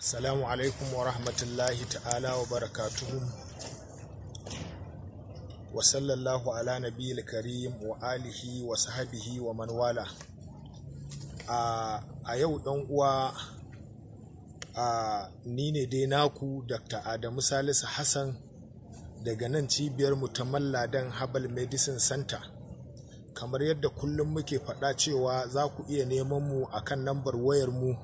Assalamu alaikum wa rahmatullahi ta'ala wa barakatuhu wa sallallahu ala nabiyil karim wa alihi wa sahabihi wa manwala a yau dan uwa ni ne dai naku Dr. Adamu Salisu Hassan daga nan cibiyar mu ta Habal Medicine Center kamar yadda kullum muke faɗa cewa za ku iya neman mu akan lambar wayar mu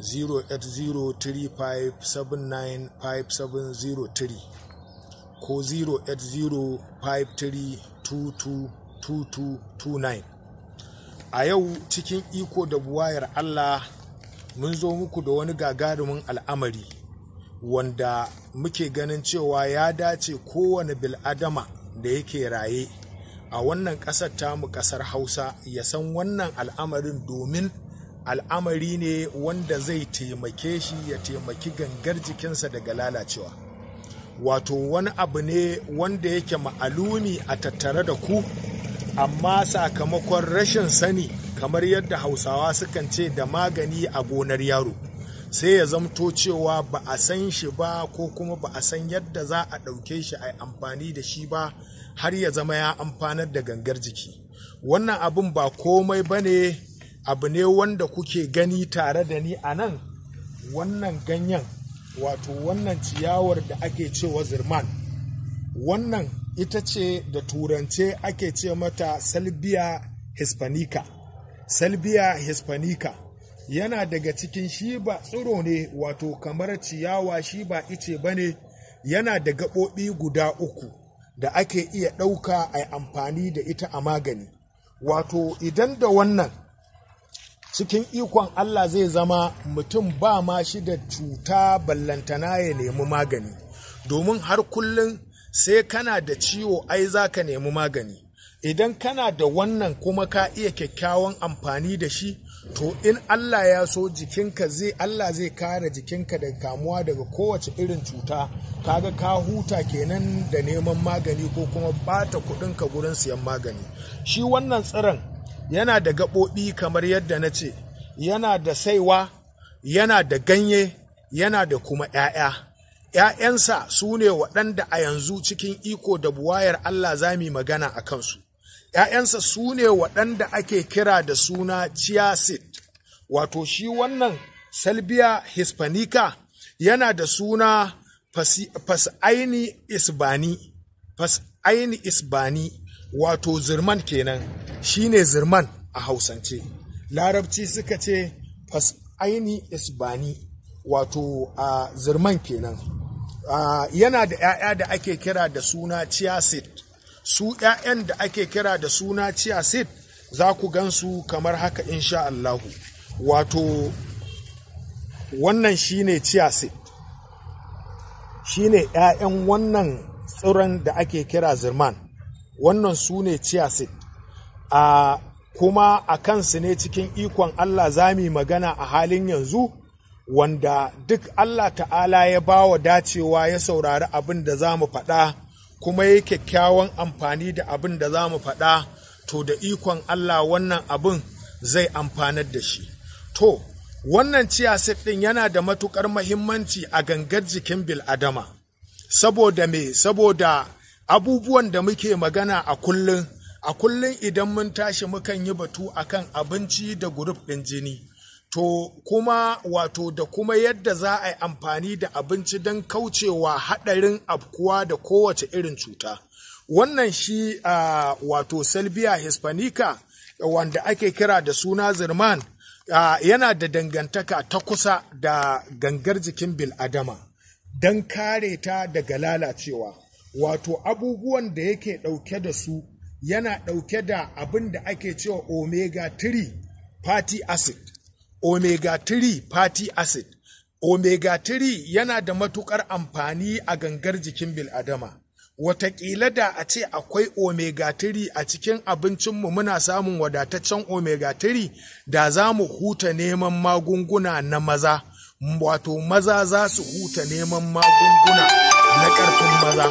08035795703 ko 08053222229 a yau cikin iko da buwayar Allah mun zo muku da wani gagarumin al'amari wanda muke ganin cewa ya dace kowane bil'adama da yake raye a wannan ƙasar tamu ƙasar hausa ya san wannan al'amarin domin al'amari ne wanda zai taimake shi ya taimaki gangar jikinsa daga lalacewa wato wani abu ne wanda yake ma'alumi a tattare da ku amma sakamakon rashin sani kamar yadda hausawa sukan ce da magani a gonar yaro sai ya zamto cewa ba a san shi ba ko kuma ba a san yadda za a ɗauke shi a yi amfani da shi ba har ya zama ya amfanar da gangar jiki wannan abin ba komai ba ne abu ne wanda kuke gani tare da ni a nan wannan ganyen wato wannan ciyawar da ake cewa zirman wannan ita ce da turance ake ce mata salbia hispanica salbia hispanica yana daga cikin shi ba tsiro ne wato kamar ciyawa shi ba ice ba ne yana da gaɓoɓi guda uku da ake iya ɗauka a amfani da ita a magani wato idan da wannan cikin ikon Allah zai zama mutum ba ma shi da cuta ballantana ya nemi magani domin har kullum sai kana da ciwo ai za ka nemi magani idan kana da wannan kuma ka iya kyakkyawan amfani da shi to in Allah ya so jikinka zai Allah zai kare jikinka daga kamuwa daga kowace irin cuta kaga ka huta kenan da neman magani ko kuma bata kudinka gurin siyan magani shi wannan tsiron yana da gaɓoɓi kamar yadda na ce yana da saiwa yana da ganye yana da kuma ‘ya'ya ‘ya'yansa su ne waɗanda a yanzu cikin iko da buwayar Allah za mu magana a kansu ‘ya'yansa su ne waɗanda ake kira da suna chiasid wato shi wannan salbia hispanika yana da suna fasaini isbani fasaini isbani wato zirman kenan shine zirman a hausance larabci suka ce fas fas'aini isbani wato a zirman kenan yana da 'ya'ya da ake kira da suna chiasid su 'ya'yan da ake kira da suna chiasid za ku gansu kamar haka insha Allahu wato wannan shine chiasid shine 'ya'yan wannan tsiron da ake kira zirman wannan su ne chiasid a kuma a kansu ne cikin ikon Allah za mu magana a halin yanzu wanda duk Allah ta'ala ya ba wa dacewa ya saurari abin da za mu faɗa kuma ya kyakkyawan amfani da abin da za mu faɗa to da ikon Allah wannan abin zai amfanar da shi to wannan ciya ɗin yana da matuƙar mahimmanci a gangar jikin bil'adama saboda me saboda abubuwan da muke magana a kullum a kullum idan mun tashi mukan yi batu akan abinci da gurup ɗin jini to kuma wato da kuma yadda za a yi amfani da abinci don kaucewa haɗarin afkuwa da kowace irin cuta wannan shi uh, wato salvia hispanica wanda ake kira da suna zirman uh, yana da dangantaka ta kusa da gangar jikin bil'adama don kare ta daga lalacewa wato abubuwan da yake ɗauke da su yana ɗauke da abin da ake cewa omega 3 fatty acid omega 3 fatty acid omega 3 yana da matukar amfani a gangar jikin bil'adama watakila da a ce akwai omega 3 a cikin abincinmu muna samun wadataccen omega 3 da za mu huta neman magunguna na maza wato maza za su huta neman magunguna na ƙarfin maza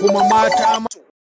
kuma mata